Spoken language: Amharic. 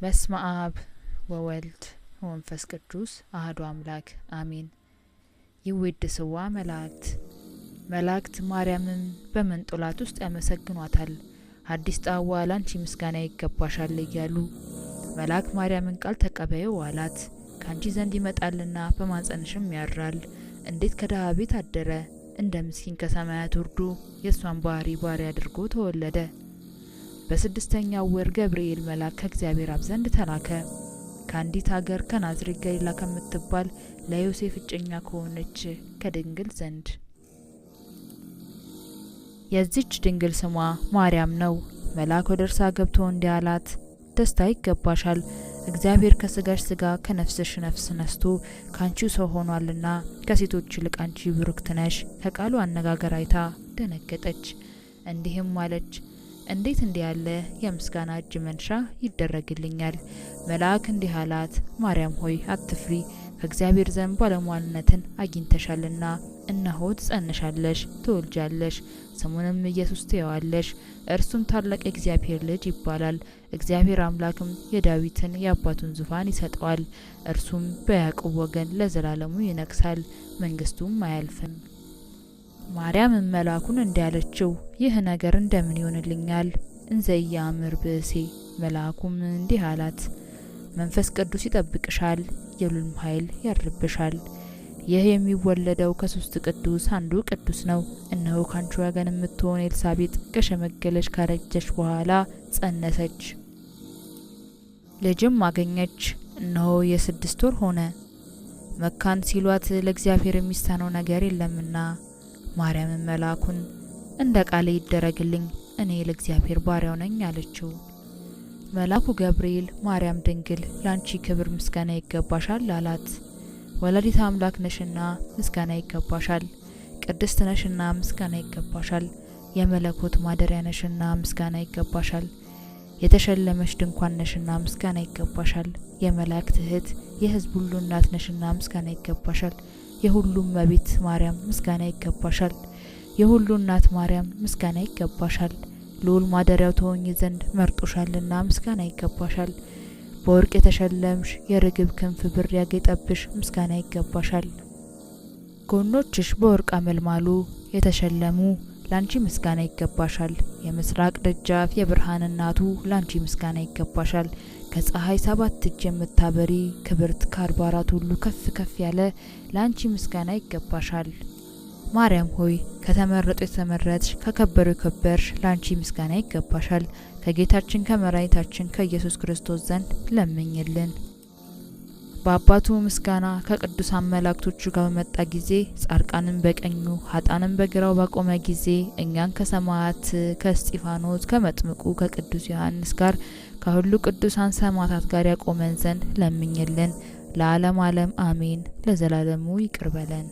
በስመ አብ ወወልድ ወመንፈስ ቅዱስ አህዶ አምላክ አሜን። ይዌድስዋ መላእክት መላእክት ማርያምን በመንጦላት ውስጥ ያመሰግኗታል። አዲስ ጣዋ ላንቺ ምስጋና ይገባሻል እያሉ መልአክ ማርያምን ቃል ተቀበዩ አላት። ከአንቺ ዘንድ ይመጣልና በማጸንሽም ያድራል። እንዴት ከደሃ ቤት አደረ እንደ ምስኪን ከሰማያት ወርዶ የእሷን ባህሪ ባሪ አድርጎ ተወለደ። በስድስተኛው ወር ገብርኤል መልአክ ከእግዚአብሔር አብ ዘንድ ተላከ። ከአንዲት ሀገር ከናዝሬት ገሊላ ከምትባል ለዮሴፍ እጮኛ ከሆነች ከድንግል ዘንድ። የዚች ድንግል ስሟ ማርያም ነው። መልአክ ወደ እርሳ ገብቶ እንዲህ አላት፣ ደስታ ይገባሻል፣ እግዚአብሔር ከስጋሽ ስጋ ከነፍስሽ ነፍስ ነስቶ ካንቺ ሰው ሆኗልና ከሴቶች ይልቅ አንቺ ብሩክት ነሽ። ከቃሉ አነጋገር አይታ ደነገጠች፣ እንዲህም አለች እንዴት እንዲህ ያለ የምስጋና እጅ መንሻ ይደረግልኛል? መልአክ እንዲህ አላት፣ ማርያም ሆይ አትፍሪ፣ ከእግዚአብሔር ዘንድ ባለሟልነትን አግኝተሻልና። እነሆ ትጸንሻለሽ፣ ትወልጃለሽ፣ ስሙንም ኢየሱስ ትየዋለሽ። እርሱም ታላቅ የእግዚአብሔር ልጅ ይባላል። እግዚአብሔር አምላክም የዳዊትን የአባቱን ዙፋን ይሰጠዋል። እርሱም በያዕቆብ ወገን ለዘላለሙ ይነግሳል፣ መንግስቱም አያልፍም። ማርያምም መልአኩን እንዲያለችው ይህ ነገር እንደምን ይሆንልኛል? እንዘያምር ብእሴ። መልአኩም እንዲህ አላት፣ መንፈስ ቅዱስ ይጠብቅሻል፣ የሉልም ኃይል ያርብሻል። ይህ የሚወለደው ከሶስት ቅዱስ አንዱ ቅዱስ ነው። እነሆ ካንቺ ወገን የምትሆን ኤልሳቤጥ ከሸመገለች ካረጀች በኋላ ጸነሰች፣ ልጅም አገኘች። እነሆ የስድስት ወር ሆነ። መካን ሲሏት ለእግዚአብሔር የሚሳነው ነገር የለምና ማርያምን መልአኩን እንደ ቃል ይደረግልኝ እኔ ለእግዚአብሔር ባሪያው ነኝ አለችው። መልአኩ ገብርኤል ማርያም ድንግል ላንቺ ክብር ምስጋና ይገባሻል አላት። ወላዲት አምላክ ነሽና ምስጋና ይገባሻል። ቅድስት ነሽና ምስጋና ይገባሻል። የመለኮት ማደሪያ ነሽና ምስጋና ይገባሻል። የተሸለመሽ ድንኳን ነሽና ምስጋና ይገባሻል። የመላእክት እህት የሕዝብ ሁሉ እናት ነሽና ምስጋና ይገባሻል። የሁሉም መቤት ማርያም ምስጋና ይገባሻል። የሁሉ እናት ማርያም ምስጋና ይገባሻል። ልዑል ማደሪያው ተወኝ ዘንድ መርጦሻልና ምስጋና ይገባሻል። በወርቅ የተሸለምሽ የርግብ ክንፍ ብር ያጌጠብሽ ምስጋና ይገባሻል። ጎኖችሽ በወርቅ አመልማሉ የተሸለሙ ላንቺ ምስጋና ይገባሻል። የምስራቅ ደጃፍ የብርሃን እናቱ ላንቺ ምስጋና ይገባሻል። ከፀሐይ ሰባት እጅ የምታበሪ ክብርት ከአርባ አራት ሁሉ ከፍ ከፍ ያለ ላንቺ ምስጋና ይገባሻል። ማርያም ሆይ ከተመረጡ የተመረጥሽ ከከበሩ የከበርሽ ላንቺ ምስጋና ይገባሻል። ከጌታችን ከመድኃኒታችን ከኢየሱስ ክርስቶስ ዘንድ ለምኝልን። በአባቱ ምስጋና ከቅዱሳን መላእክቶቹ ጋር በመጣ ጊዜ ጻድቃንን በቀኙ ሀጣንን በግራው ባቆመ ጊዜ እኛን ከሰማያት ከእስጢፋኖስ ከመጥምቁ ከቅዱስ ዮሐንስ ጋር ከሁሉ ቅዱሳን ሰማዕታት ጋር ያቆመን ዘንድ ለምኝልን። ለዓለም ዓለም አሜን። ለዘላለሙ ይቅርበለን።